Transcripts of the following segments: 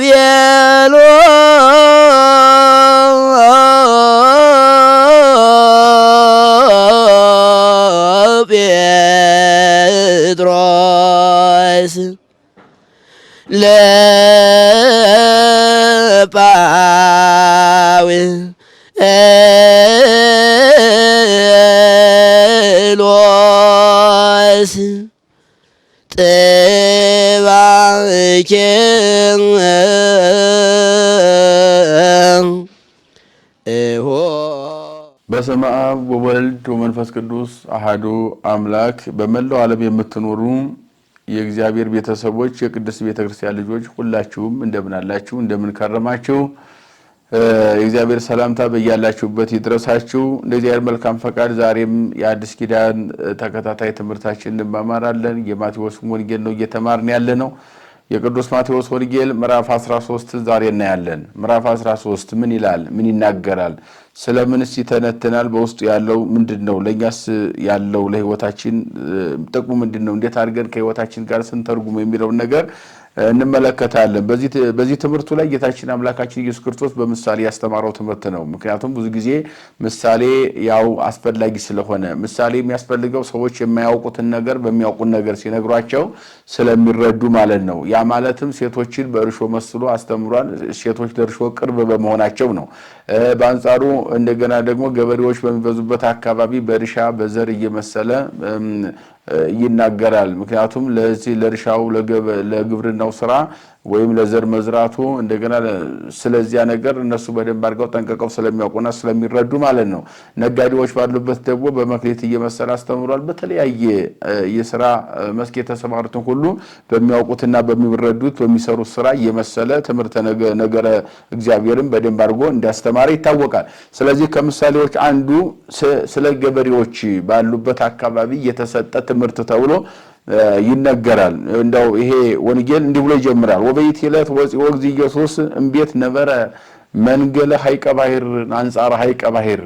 ቤሎ ጴጥሮስ ለጳዊ ሎስ በስመ አብ ወወልድ ወመንፈስ ቅዱስ አሐዱ አምላክ። በመላው ዓለም የምትኖሩ የእግዚአብሔር ቤተሰቦች የቅድስት ቤተክርስቲያን ልጆች ሁላችሁም እንደምን አላችሁ? እንደምን ከረማችሁ? የእግዚአብሔር ሰላምታ በያላችሁበት ይድረሳችሁ። እንደዚህ መልካም ፈቃድ ዛሬም የአዲስ ኪዳን ተከታታይ ትምህርታችን እንማማራለን። የማቴዎስን ወንጌል ነው እየተማርን ያለ ነው። የቅዱስ ማቴዎስ ወንጌል ምዕራፍ 13 ዛሬ እናያለን። ምዕራፍ 13 ምን ይላል? ምን ይናገራል? ስለ ምንስ ይተነትናል? በውስጡ ያለው ምንድን ነው? ለእኛስ ያለው ለህይወታችን ጥቅሙ ምንድን ነው? እንዴት አድርገን ከህይወታችን ጋር ስንተርጉሙ የሚለውን ነገር እንመለከታለን። በዚህ ትምህርቱ ላይ ጌታችን አምላካችን ኢየሱስ ክርስቶስ በምሳሌ ያስተማረው ትምህርት ነው። ምክንያቱም ብዙ ጊዜ ምሳሌ ያው አስፈላጊ ስለሆነ ምሳሌ የሚያስፈልገው ሰዎች የማያውቁትን ነገር በሚያውቁን ነገር ሲነግሯቸው ስለሚረዱ ማለት ነው። ያ ማለትም ሴቶችን በእርሾ መስሎ አስተምሯል። ሴቶች ለእርሾ ቅርብ በመሆናቸው ነው። በአንጻሩ እንደገና ደግሞ ገበሬዎች በሚበዙበት አካባቢ በእርሻ በዘር እየመሰለ ይናገራል። ምክንያቱም ለዚህ ለእርሻው ለግብርናው ስራ ወይም ለዘር መዝራቱ እንደገና ስለዚያ ነገር እነሱ በደንብ አድርገው ጠንቀቀው ስለሚያውቁና ስለሚረዱ ማለት ነው። ነጋዴዎች ባሉበት ደግሞ በመክሌት እየመሰለ አስተምሯል። በተለያየ የስራ መስክ የተሰማሩትን ሁሉ በሚያውቁትና በሚረዱት በሚሰሩት ስራ እየመሰለ ትምህርተ ነገረ እግዚአብሔርን በደንብ አድርጎ እንዳስተማረ ይታወቃል። ስለዚህ ከምሳሌዎች አንዱ ስለ ገበሬዎች ባሉበት አካባቢ የተሰጠ ትምህርት ተብሎ ይነገራል። እንደው ይሄ ወንጌል እንዲህ ብሎ ይጀምራል። ወበይት ለት ወፂ ወግዚ ኢየሱስ እምቤት ነበረ መንገለ ሀይቀ ባህር አንጻረ ሀይቀ ባህር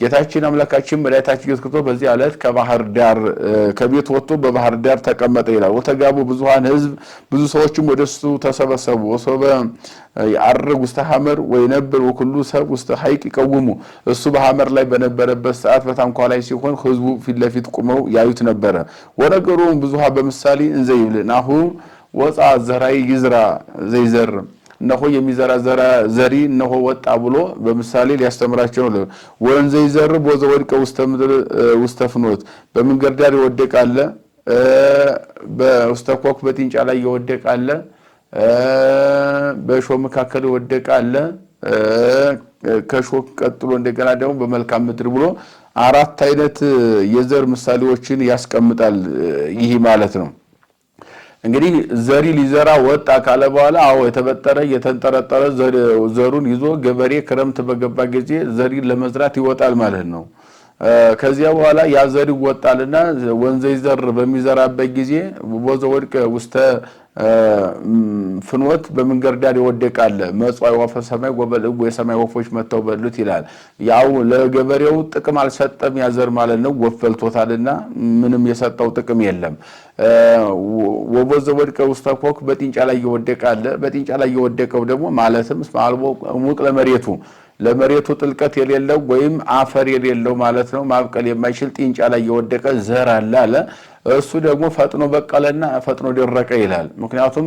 ጌታችን አምላካችን መድኃኒታችን ኢየሱስ ክርስቶስ በዚህ ዕለት ከባህር ዳር ከቤት ወጥቶ በባህር ዳር ተቀመጠ ይላል። ወተጋቡ ብዙሃን ህዝብ ብዙ ሰዎችም ወደ ወደሱ ተሰበሰቡ። ወሶበ የአርግ ውስተ ሐመር ወይነብር ወኩሉ ሰብ ውስተ ሀይቅ ይቀውሙ። እሱ በሐመር ላይ በነበረበት ሰዓት በታንኳ ላይ ሲሆን ህዝቡ ፊት ለፊት ቁመው ያዩት ነበረ። ወነገሮም ብዙሃ በምሳሌ እንዘ ይብል ናሁ ወፃ ዘራይ ይዝራ ዘይዘርም እነሆ የሚዘራዘረ ዘሪ እነሆ ወጣ ብሎ በምሳሌ ሊያስተምራቸው ነው። ወንዘ ይዘር ወዘ ወድቀ ውስተ ፍኖት በመንገድ ዳር ይወደቃለ፣ በውስተ ኮክ በጥንጫ ላይ ይወደቃለ፣ በእሾ መካከል ይወደቃለ፣ ከሾክ ቀጥሎ እንደገና ደግሞ በመልካም ምድር ብሎ አራት አይነት የዘር ምሳሌዎችን ያስቀምጣል። ይህ ማለት ነው። እንግዲህ ዘሪ ሊዘራ ወጣ ካለ በኋላ አዎ የተበጠረ የተንጠረጠረ ዘሩን ይዞ ገበሬ ክረምት በገባ ጊዜ ዘሪ ለመዝራት ይወጣል ማለት ነው። ከዚያ በኋላ ያ ዘሪ ይወጣልና ወንዘይ ዘር በሚዘራበት ጊዜ ወዘ ወድቀ ውስተ ፍኖት በመንገድ ዳር ይወደቃል። አለ፣ ወፈ ሰማይ ወበልዑ የሰማይ ወፎች መጥተው በሉት ይላል። ያው ለገበሬው ጥቅም አልሰጠም ያዘር ማለት ነው። ወፍ በልቶታልና ምንም የሰጠው ጥቅም የለም። ወቦዘ ወድቀ ውስተ ኮክ በጥንጫ ላይ ይወደቃል። በጥንጫ ላይ የወደቀው ደግሞ ማለትም ስማልቦ ሙቅ ለመሬቱ ለመሬቱ ጥልቀት የሌለው ወይም አፈር የሌለው ማለት ነው። ማብቀል የማይችል ጥንጫ ላይ የወደቀ ዘር አለ አለ እሱ ደግሞ ፈጥኖ በቀለና ፈጥኖ ደረቀ ይላል። ምክንያቱም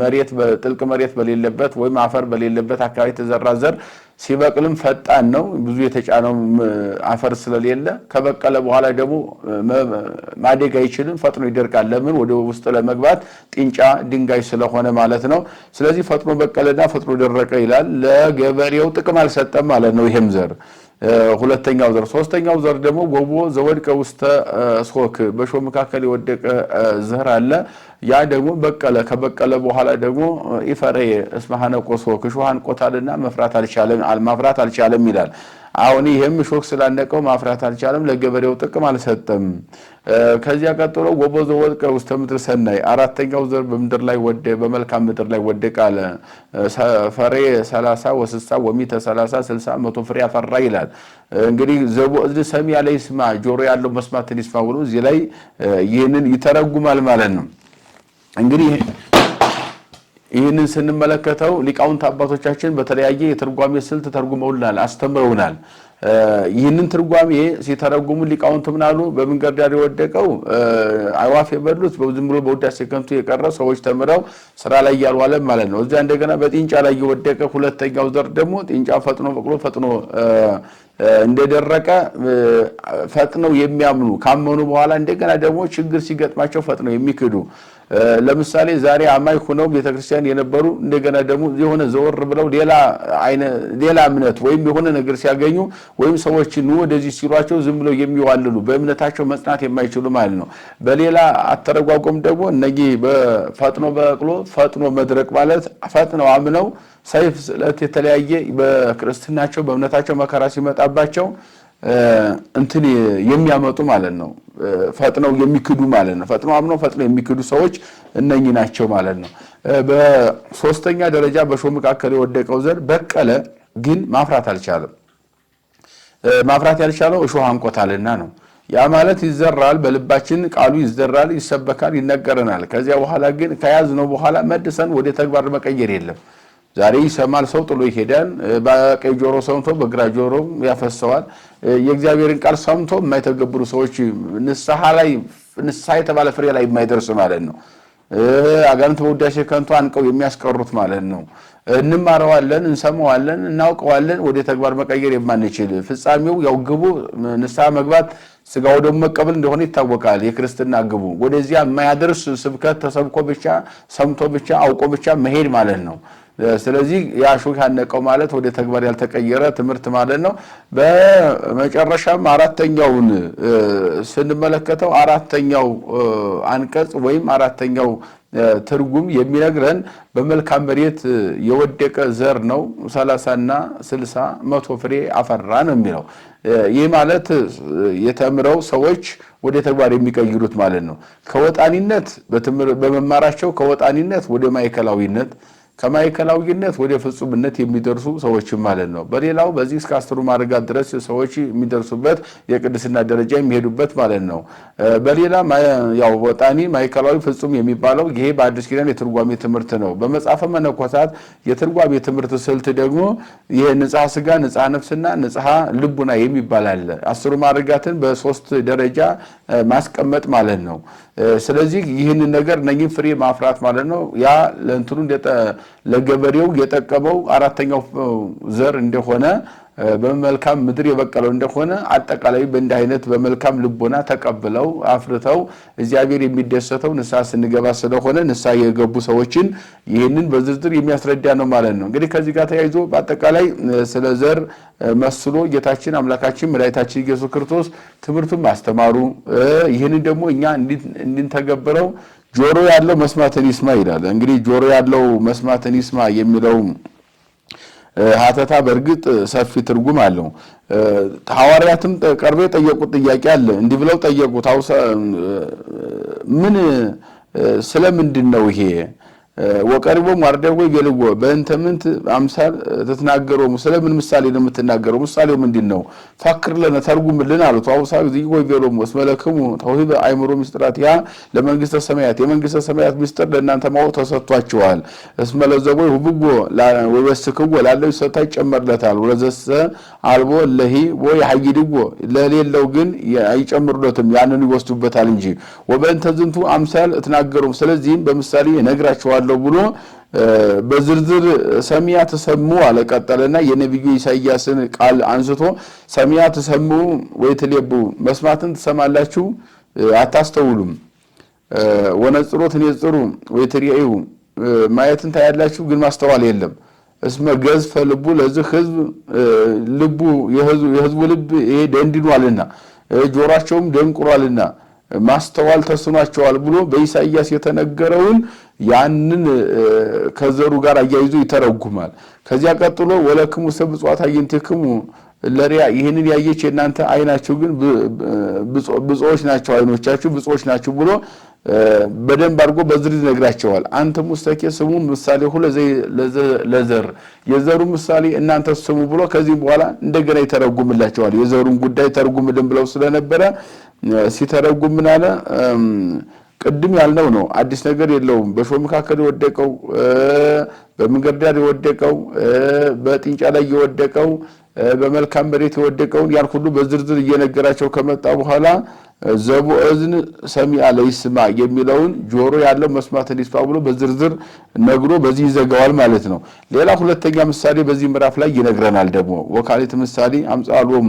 መሬት ጥልቅ መሬት በሌለበት ወይም አፈር በሌለበት አካባቢ የተዘራ ዘር ሲበቅልም ፈጣን ነው። ብዙ የተጫነው አፈር ስለሌለ ከበቀለ በኋላ ደግሞ ማደግ አይችልም፣ ፈጥኖ ይደርቃል። ለምን ወደ ውስጥ ለመግባት ጢንጫ ድንጋይ ስለሆነ ማለት ነው። ስለዚህ ፈጥኖ በቀለና ፈጥኖ ደረቀ ይላል። ለገበሬው ጥቅም አልሰጠም ማለት ነው ይሄም ዘር ሁለተኛው ዘር ሶስተኛው ዘር ደግሞ ወቦ ዘወድቀ ውስተ ሶክ በሾህ መካከል የወደቀ ዘር አለ። ያ ደግሞ በቀለ። ከበቀለ በኋላ ደግሞ ኢፈሬ እስመ ሐነቆ ሶክ እሾህ አንቆታልና መፍራት አልቻለም፣ ማፍራት አልቻለም ይላል። አሁን ይህም እሾክ ስላነቀው ማፍራት አልቻለም፣ ለገበሬው ጥቅም አልሰጠም። ከዚያ ቀጥሎ ወቦዞ ወድቀ ውስተ ምድር ሰናይ፣ አራተኛው ዘር በምድር ላይ ወደ በመልካም ምድር ላይ ወደቀ አለ። ፈሬ ሰላሳ ወስሳ ወሚተ ሰላሳ ስልሳ መቶ ፍሬ አፈራ ይላል። እንግዲህ ዘቦእዝ ሰሚ ያለ ይስማ፣ ጆሮ ያለው መስማትን ይስማ ብሎ እዚህ ላይ ይህንን ይተረጉማል ማለት ነው እንግዲህ ይህንን ስንመለከተው ሊቃውንት አባቶቻችን በተለያየ የትርጓሜ ስልት ተርጉመውናል፣ አስተምረውናል። ይህንን ትርጓሜ ሲተረጉሙ ሊቃውንት ምናሉ? በመንገድ ዳር የወደቀው አዕዋፍ የበሉት ዝም ብሎ በውዳሴ ከንቱ የቀረ ሰዎች ተምረው ስራ ላይ ያልዋለ ማለት ነው። እዚያ እንደገና በጢንጫ ላይ የወደቀ ሁለተኛው ዘር ደግሞ ጥንጫ ፈጥኖ በቅሎ ፈጥኖ እንደደረቀ ፈጥነው የሚያምኑ ካመኑ በኋላ እንደገና ደግሞ ችግር ሲገጥማቸው ፈጥነው የሚክዱ ለምሳሌ ዛሬ አማኝ ሆነው ቤተክርስቲያን የነበሩ እንደገና ደግሞ የሆነ ዘወር ብለው ሌላ አይነ ሌላ እምነት ወይም የሆነ ነገር ሲያገኙ ወይም ሰዎች ኑ ወደዚህ ሲሏቸው ዝም ብለው የሚዋልሉ በእምነታቸው መጽናት የማይችሉ ማለት ነው። በሌላ አተረጓጎም ደግሞ እነዚህ በፈጥኖ በቅሎ ፈጥኖ መድረቅ ማለት ፈጥነው አምነው ሰይፍ ስለት የተለያየ በክርስትናቸው በእምነታቸው መከራ ሲመጣባቸው እንትን የሚያመጡ ማለት ነው። ፈጥነው የሚክዱ ማለት ነው። ፈጥነው አምነው ፈጥነው የሚክዱ ሰዎች እነኚህ ናቸው ማለት ነው። በሶስተኛ ደረጃ በእሾህ መካከል የወደቀው ዘር በቀለ፣ ግን ማፍራት አልቻለም። ማፍራት ያልቻለው እሾህ አንቆታልና ነው። ያ ማለት ይዘራል፣ በልባችን ቃሉ ይዘራል፣ ይሰበካል፣ ይነገረናል። ከዚያ በኋላ ግን ከያዝነው በኋላ መድሰን ወደ ተግባር መቀየር የለም ዛሬ ይሰማል፣ ሰው ጥሎ ይሄዳል። በቀኝ ጆሮ ሰምቶ በግራ ጆሮ ያፈሰዋል። የእግዚአብሔርን ቃል ሰምቶ የማይተገብሩ ሰዎች ንስሐ ላይ ንስሐ የተባለ ፍሬ ላይ የማይደርስ ማለት ነው። አጋንንት በውዳሴ ከንቱ አንቀው የሚያስቀሩት ማለት ነው። እንማረዋለን፣ እንሰማዋለን፣ እናውቀዋለን ወደ ተግባር መቀየር የማንችል ፍጻሜው ያው ግቡ ንስሐ መግባት ስጋ ደግሞ መቀበል እንደሆነ ይታወቃል። የክርስትና ግቡ ወደዚያ የማያደርስ ስብከት ተሰብኮ ብቻ ሰምቶ ብቻ አውቆ ብቻ መሄድ ማለት ነው። ስለዚህ ያ ሹክ ያነቀው ማለት ወደ ተግባር ያልተቀየረ ትምህርት ማለት ነው። በመጨረሻም አራተኛውን ስንመለከተው አራተኛው አንቀጽ ወይም አራተኛው ትርጉም የሚነግረን በመልካም መሬት የወደቀ ዘር ነው። ሰላሳና ስልሳ መቶ ፍሬ አፈራ ነው የሚለው። ይህ ማለት የተምረው ሰዎች ወደ ተግባር የሚቀይሩት ማለት ነው። ከወጣኒነት በመማራቸው ከወጣኒነት ወደ ማዕከላዊነት ከማዕከላዊነት ወደ ፍጹምነት የሚደርሱ ሰዎች ማለት ነው። በሌላው በዚህ እስከ አስሩ ማዕርጋት ድረስ ሰዎች የሚደርሱበት የቅድስና ደረጃ የሚሄዱበት ማለት ነው። በሌላ ያው ወጣኒ ማዕከላዊ ፍጹም የሚባለው ይሄ በአዲስ ኪዳን የትርጓሜ ትምህርት ነው። በመጽሐፈ መነኮሳት የትርጓሜ ትምህርት ስልት ደግሞ ይሄ ንጽሐ ስጋ፣ ንጽሐ ነፍስና ንጽሐ ልቡና የሚባል አለ። አስሩ ማዕርጋትን በሶስት ደረጃ ማስቀመጥ ማለት ነው። ስለዚህ ይህንን ነገር ነኝ ፍሬ ማፍራት ማለት ነው ያ ለእንትኑ ለገበሬው የጠቀመው አራተኛው ዘር እንደሆነ በመልካም ምድር የበቀለው እንደሆነ አጠቃላይ በእንዲህ አይነት በመልካም ልቦና ተቀብለው አፍርተው እግዚአብሔር የሚደሰተው ንስሐ ስንገባ ስለሆነ ንስሐ የገቡ ሰዎችን ይህንን በዝርዝር የሚያስረዳ ነው ማለት ነው። እንግዲህ ከዚህ ጋር ተያይዞ በአጠቃላይ ስለ ዘር መስሎ ጌታችን አምላካችን መድኃኒታችን ኢየሱስ ክርስቶስ ትምህርቱን ማስተማሩ ይህንን ደግሞ እኛ እንድንተገብረው ጆሮ ያለው መስማትን ይስማ ይላል። እንግዲህ ጆሮ ያለው መስማትን ይስማ የሚለው ሀተታ በእርግጥ ሰፊ ትርጉም አለው። ሐዋርያትም ቀርበው የጠየቁት ጥያቄ አለ። እንዲህ ብለው ጠየቁት፣ ምን ስለምንድን ነው ይሄ ወቀሪቦም ዋርደዌ ይገልጎ በእንተ ምንት አምሳል ተትናገሮሙ ምን ምሳሌ ነው የምትናገረው? ምሳሌው ምንድን ነው? ፋክር ለነ ተርጉምልን አሉት። አውሳዊ ዚጎይ ቬሎሙ ወስመለክሙ ተውሂበ አእምሮ ምስጢራት ያ ለመንግስተ ሰማያት የመንግስተ ሰማያት ምስጢር ለእናንተ ማወቅ ተሰጥቷችኋል። እስመለዘቦይ ሁብጎ ወይበስክጎ ላለው ይሰጣ ይጨመርለታል። ወለዘሰ አልቦ ለሂ ወይ ሀይድጎ ለሌለው ግን አይጨምርለትም፣ ያንን ይወስዱበታል እንጂ ወበእንተ ዝንቱ አምሳል እትናገሮሙ ስለዚህም በምሳሌ ነግራችኋል አደርጋለሁ ብሎ በዝርዝር ሰሚያ ተሰሙ አለ። ቀጠለና የነቢዩ ኢሳይያስን ቃል አንስቶ ሰሚያ ተሰሙ ወይ ትሌቡ መስማትን ትሰማላችሁ አታስተውሉም፣ ወነጽሮ ትኔጽሩ ወይ ትሪዩ ማየትን ታያላችሁ ግን ማስተዋል የለም። እስመ ገዝፈ ልቡ ለዚህ ህዝብ ልቡ የህዝቡ ልብ ይሄ ደንድኗልና ጆሯቸውም ደንቁሯልና ማስተዋል ተስኗቸዋል ብሎ በኢሳይያስ የተነገረውን ያንን ከዘሩ ጋር አያይዞ ይተረጉማል። ከዚያ ቀጥሎ ወለክሙ ሰብ ብፅዋት አግኝቴክሙ ለሪያ ይህንን ያየች የእናንተ አይናችሁ ግን ብፁዎች ናቸው አይኖቻችሁ ብፁዎች ናቸው ብሎ በደንብ አድርጎ በዝርዝር ይነግራቸዋል። አንተ ሙስተኬ ስሙ ምሳሌ ሁለ ለዘር የዘሩ ምሳሌ እናንተ ስሙ ብሎ ከዚህም በኋላ እንደገና ይተረጉምላቸዋል። የዘሩን ጉዳይ ተርጉምልን ብለው ስለነበረ ሲተረጉም ቅድም ያልነው ነው። አዲስ ነገር የለውም። በእሾህ መካከል የወደቀው በመንገድ ዳር የወደቀው በጥንጫ ላይ የወደቀው በመልካም መሬት የወደቀውን ያን ሁሉ በዝርዝር እየነገራቸው ከመጣ በኋላ ዘቡዕዝን እዝን ለይስማ የሚለውን ጆሮ ያለው መስማት እንዲስፋ ብሎ በዝርዝር ነግሮ በዚህ ይዘጋዋል ማለት ነው። ሌላ ሁለተኛ ምሳሌ በዚህ ምዕራፍ ላይ ይነግረናል። ደግሞ ወካሊት ምሳሌ አምጻሎም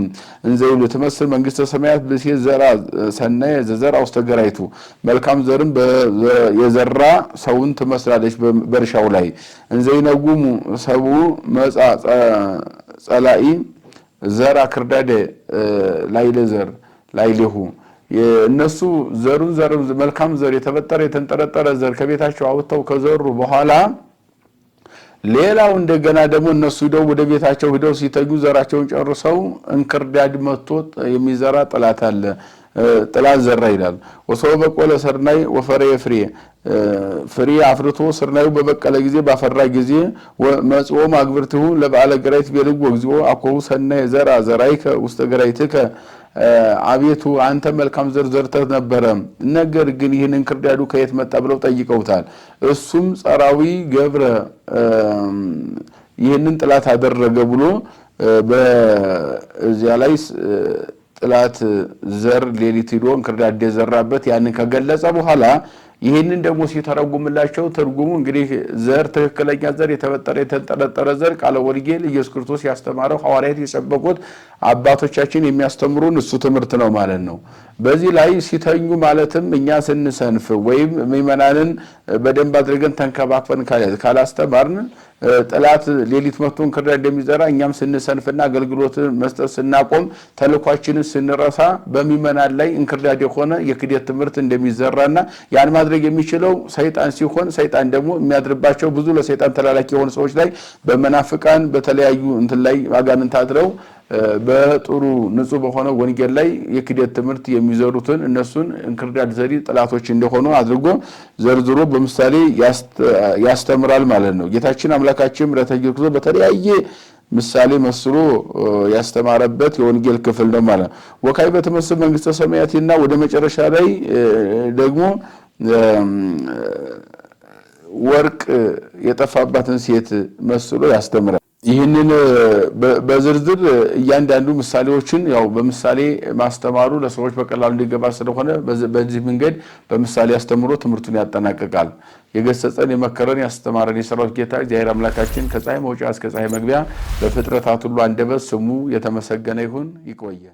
እንዘይሉ ትመስል መንግስተ ሰማያት ብእሴ ዘራ ሰናየ ዘዘርአ ውስተ ገራይቱ፣ መልካም ዘርም የዘራ ሰውን ትመስላለች በእርሻው ላይ እንዘይነጉሙ ሰቡ መጻ ጸላኢ ዘር ክርዳደ ላይለ ዘር ላይሊሁ እነሱ ዘሩን ዘር መልካም ዘር የተበጠረ የተንጠረጠረ ዘር ከቤታቸው አውጥተው ከዘሩ በኋላ ሌላው እንደገና ደግሞ እነሱ ሂደው ወደ ቤታቸው ሂደው ሲተጉ ዘራቸውን ጨርሰው እንክርዳድ መጥቶ የሚዘራ ጠላት አለ። ጥላ ዘራ ይላል። ወሰው በቆለ ሰርናይ ወፈሬ ፍሬ ፍሬ አፍርቶ ስርናዩ በበቀለ ጊዜ ባፈራ ጊዜ መጽኦ ማግብርትሁ ለበዓለ ገራይት ቤልግ ወግዚኦ አኮሁ ሰናይ ዘራ ዘራይከ ውስተ ገራይትከ አቤቱ አንተ መልካም ዘር ዘርተህ ነበረ፣ ነገር ግን ይህን እንክርዳዱ ከየት መጣ ብለው ጠይቀውታል። እሱም ጸራዊ ገብረ ይህንን ጥላት አደረገ ብሎ በዚያ ላይ ጥላት ዘር ሌሊት ሂዶ እንክርዳድ የዘራበት ያንን ከገለጸ በኋላ ይህንን ደግሞ ሲተረጉምላቸው ትርጉሙ እንግዲህ ዘር ትክክለኛ ዘር የተበጠረ የተንጠረጠረ ዘር ቃለ ወንጌል ኢየሱስ ክርስቶስ ያስተማረው ሐዋርያት የሰበኩት አባቶቻችን የሚያስተምሩን እሱ ትምህርት ነው ማለት ነው። በዚህ ላይ ሲተኙ ማለትም እኛ ስንሰንፍ ወይም ምዕመናንን በደንብ አድርገን ተንከባክበን ካላስተማርን ጠላት ሌሊት መጥቶ እንክርዳድ እንደሚዘራ እኛም ስንሰንፍና አገልግሎትን መስጠት ስናቆም ተልኳችንን ስንረሳ በሚመናል ላይ እንክርዳድ የሆነ የክደት ትምህርት እንደሚዘራና ያን ማድረግ የሚችለው ሰይጣን ሲሆን ሰይጣን ደግሞ የሚያድርባቸው ብዙ ለሰይጣን ተላላኪ የሆኑ ሰዎች ላይ በመናፍቃን በተለያዩ እንትን ላይ አጋንንት አድረው በጥሩ ንጹህ በሆነ ወንጌል ላይ የክደት ትምህርት የሚዘሩትን እነሱን እንክርዳድ ዘሪ ጠላቶች እንደሆኑ አድርጎ ዘርዝሮ በምሳሌ ያስተምራል ማለት ነው። ጌታችን አምላካችን ምሕረተ በተለያየ ምሳሌ መስሎ ያስተማረበት የወንጌል ክፍል ነው ማለት ነው። ወካይ በተመስል መንግስተ ሰማያትና ወደ መጨረሻ ላይ ደግሞ ወርቅ የጠፋባትን ሴት መስሎ ያስተምራል። ይህንን በዝርዝር እያንዳንዱ ምሳሌዎችን ያው በምሳሌ ማስተማሩ ለሰዎች በቀላሉ እንዲገባ ስለሆነ በዚህ መንገድ በምሳሌ አስተምሮ ትምህርቱን ያጠናቅቃል። የገሰጸን የመከረን ያስተማረን የሰራዊት ጌታ እግዚአብሔር አምላካችን ከፀሐይ መውጫ እስከ ፀሐይ መግቢያ በፍጥረታት ሁሉ አንደበት ስሙ የተመሰገነ ይሁን። ይቆየን።